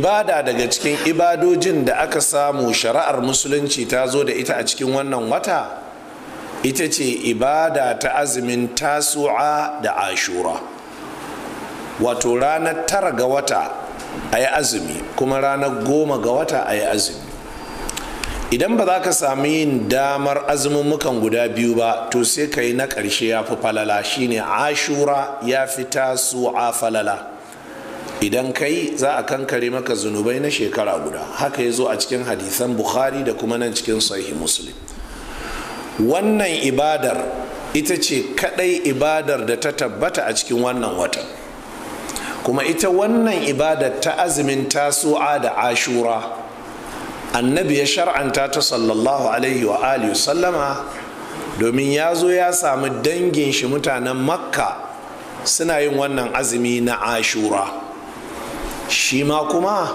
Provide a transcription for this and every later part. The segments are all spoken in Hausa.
ibada daga cikin ibadojin da aka samu shari'ar musulunci ta zo da ita a cikin wannan wata ita ce ibada ta azumin tasu'a da ashura wato ranar tara ga wata a yi azumi kuma ranar goma ga wata a yi azumi idan ba za ka sami yin damar mukan guda biyu ba to sai ka yi na ƙarshe ya fi falala shine ashura ya fi tasu'a falala idan kai za a kankare maka zunubai na shekara guda haka ya zo a cikin hadisan bukhari da kuma nan cikin sahih muslim wannan ibadar ita ce kadai ibadar da ta tabbata a cikin wannan watan kuma ita wannan ibadar ta azumin tasu'a da ashura annabi ya shar'anta ta sallallahu alaihi wa alihi sallama domin ya zo ya samu dangin shi mutanen makka suna yin wannan azumi na ashura shi ma kuma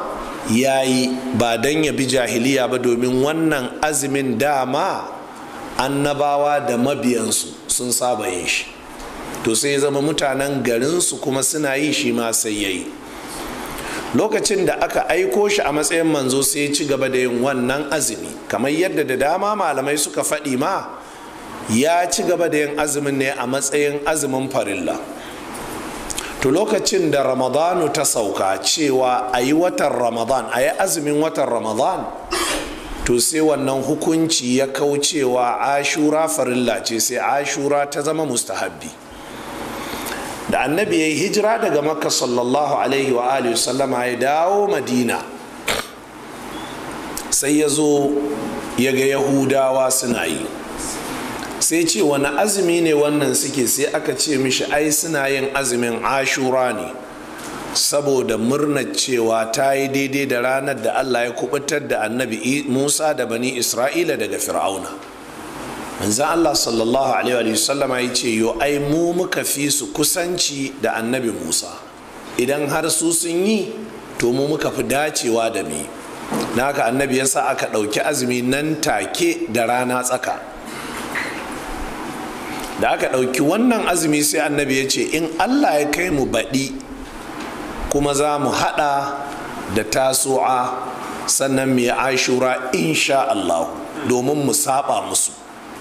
ya yi ba don ya bi jahiliya ba domin wannan azumin dama annabawa da mabiyansu sun saba yin shi to sai ya zama mutanen garinsu kuma suna yi shi ma sai ya yi lokacin da aka aiko shi a matsayin manzo sai ya ci gaba da yin wannan azumi kamar yadda da dama malamai suka faɗi ma ya ci gaba da yin azumin ne a matsayin azumin farilla to lokacin da ramadanu ta sauka cewa a yi watan ramadan a yi azumin watan ramadan to sai wannan hukunci ya kaucewa ashura farilla ce sai ashura ta zama mustahabbi da annabi ya yi hijira daga makka sallallahu alaihi wa alihi sallama ya dawo madina sai ya zo ya ga yahudawa suna yi sai ce wani azumi ne wannan suke sai aka ce mishi ai suna yin azumin ashura ne saboda murnar cewa ta yi daidai da ranar da allah ya kubutar da annabi musa da bani isra'ila daga fir'auna manzan allah sallallahu alaihi wa wasallama ya ce yo ai mu muka fi su kusanci da annabi musa idan har su sun yi to mu muka fi dacewa da mi na haka annabi ya sa aka ɗauki azumi nan take da rana tsaka da aka ɗauki wannan azumi sai annabi ya ce in allah ya kai mu baɗi kuma za mu haɗa da tasu'a sannan mai ashura insha allahu domin mu saba musu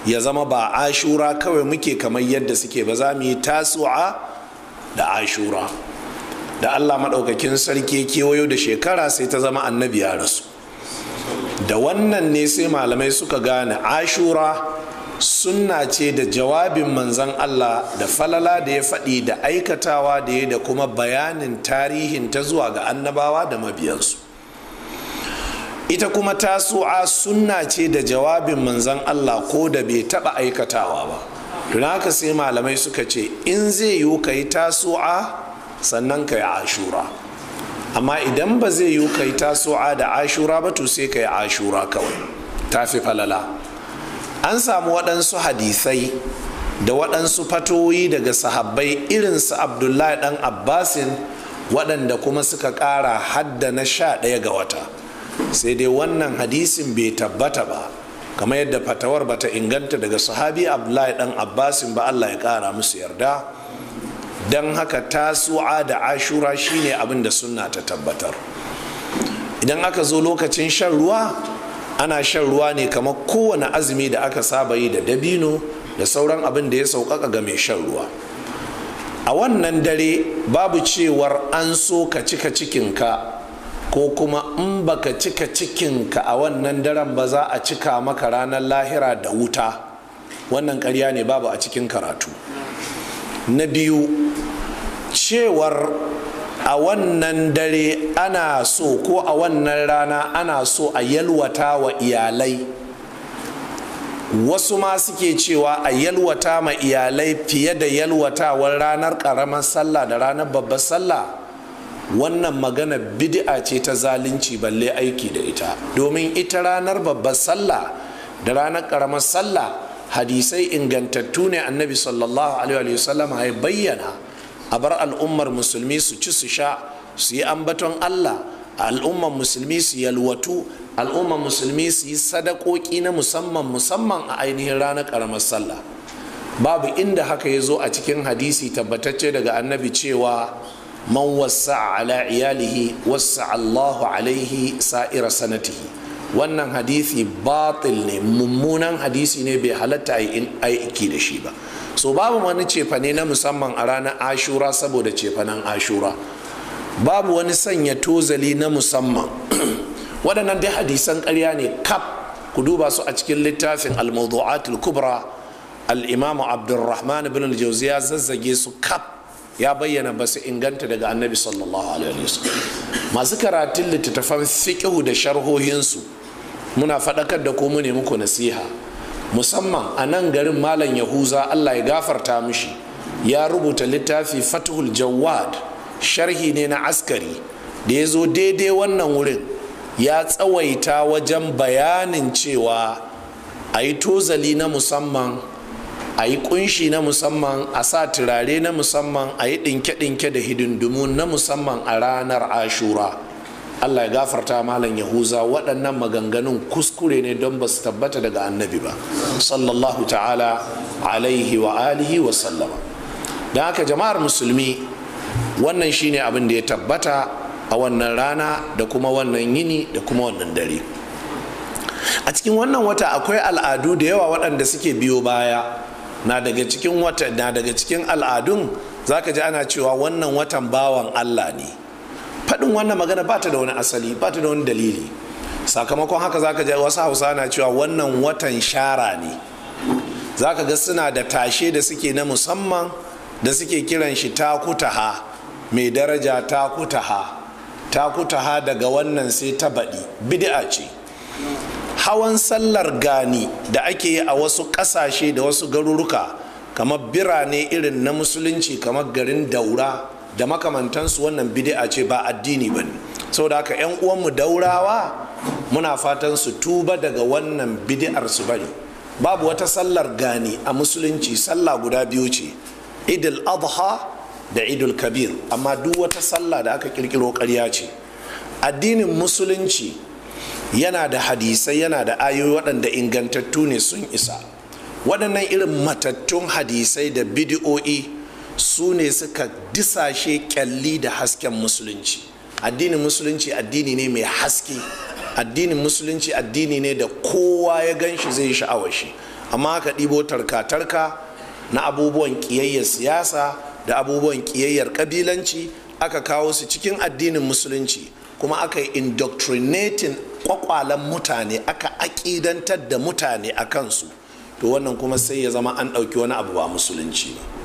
ya zama ba ashura kawai muke kamar yadda suke ba za mu yi tasu'a da ashura da allah maɗaukakin sarki kewayo da shekara sai ta zama annabi ya rasu da wannan ne sai malamai suka gane ashura sunna ce da jawabin manzan Allah da falala da ya faɗi da aikatawa da ya da kuma bayanin tarihin ta zuwa ga annabawa da mabiyansu ita kuma tasu'a sunna ce da jawabin manzan Allah ko da bai taɓa aikatawa ba don haka sai malamai suka ce in zai yiwu ka yi tasu'a sannan ka yi ashura amma idan ba zai yiwu ka yi tasu'a da ashura ba to sai ka yi ashura kawai tafi falala an samu waɗansu hadisai da waɗansu fatoyi daga sahabbai irinsu abdullahi ɗan abbasin waɗanda kuma suka ƙara hadda na sha ɗaya ga wata sai dai wannan hadisin bai tabbata ba kamar yadda fatawar bata inganta daga sahabi abdullahi ɗan abbasin ba allah ya ƙara musu yarda don haka tasu'a da ashura shine abin da sunna ta tabbatar idan aka zo lokacin shan ruwa ana shan ruwa ne kamar kowane azumi da aka saba yi da dabino da sauran abin da ya sauƙaƙa ga mai shan ruwa a wannan dare babu cewar an so ka cika cikinka ko kuma in baka cika cikinka a wannan daren ba za a cika maka ranar lahira da wuta wannan karya ne babu a cikin karatu na biyu cewar a wannan dare ana so ko a wannan rana ana so a yalwata wa iyalai wasu ma suke cewa a yalwata ma iyalai fiye da yalwatawar ranar ƙaramar sallah da ranar babbar sallah wannan magana bid'a ce ta zalunci balle aiki da ita domin ita ranar babbar sallah da ranar karamar sallah hadisai ingantattu ne annabi sallallahu alaihi wasallam ya bayyana a bar al'ummar musulmi su ci su sha su yi ambaton allah al'ummar musulmi su yalwatu al'ummar musulmi su yi sadakoki na musamman musamman a ainihin ranar karamar sallah babu inda haka ya zo a cikin hadisi tabbatacce daga annabi cewa man wasa ala iyalihi wasa allahu alaihi sa'ira sanatihi wannan hadisi batil ne mummunan hadisi ne bai halatta a in aiki da shi ba so babu wani cefane na musamman a ranar ashura saboda cefanen ashura babu wani sanya tozali na musamman waɗannan dai hadisan karya ne kaf ku duba su a cikin littafin al-mawdu'atul kubra al-imamu abdurrahman ibn al-jawzi ya zazzage su kaf ya bayyana ba su inganta daga annabi sallallahu alaihi wasallam masu karatun littattafan fiqhu da sharhohinsu muna faɗakar da ko mu ne muku nasiha musamman a nan garin malam yahuza allah ya gafarta mishi ya rubuta littafi fatihul jawad sharhi ne na askari da ya zo daidai wannan wurin ya tsawaita wajen bayanin cewa a yi tozali na musamman a yi kunshi na musamman a sa turare na musamman a yi ɗinke-ɗinke da hidindumu na musamman a ranar ashura allah ya gafarta malam yahuza waɗannan maganganun kuskure ne don ba su tabbata daga annabi ba sallallahu ta'ala alaihi wa alihi wa sallama don haka jama'ar musulmi wannan shine abin da ya tabbata a wannan rana da kuma wannan yini da kuma wannan dare a cikin wannan wata akwai al'adu da yawa waɗanda suke biyo baya na daga cikin wata na daga cikin al'adun zaka ji ana cewa wannan watan bawan allah ne faɗin wannan magana ba ta da wani asali ba ta da wani dalili sakamakon haka zaka je wasu hausa na cewa wannan watan shara ne zaka ga suna da tashe da suke na musamman da suke kiran shi ta takutaha mai daraja ta takutaha takutaha daga wannan sai ta baɗi bid'a ce hawan sallar gani da ake yi a wasu ƙasashe da wasu garuruka kamar birane irin na musulunci kamar garin daura da makamantansu wannan bid'a ce ba addini ba ne saboda haka 'yan uwanmu daurawa muna fatan su tuba daga wannan bid'ar su bari babu wata sallar gani a musulunci sallah guda biyu ce idul adha da idul kabir amma duk wata sallah da aka kirkiro ƙarya ce addinin musulunci yana da hadisai yana da ayoyi waɗanda ingantattu ne sun isa waɗannan irin matattun hadisai da bidi'o'i su ne suka disashe kyalli da hasken musulunci addinin musulunci addini ne mai haske addinin musulunci addini ne da kowa ya gan shi zai sha'awar shi amma ka ɗibo tarka-tarka na abubuwan ƙiyayyar siyasa da abubuwan ƙiyayyar ƙabilanci aka kawo su cikin addinin musulunci kuma aka yi indoctrinating ƙwaƙwalan mutane aka aƙidantar da mutane a kansu to wannan kuma sai ya zama an ɗauki wani abu ba musulunci ba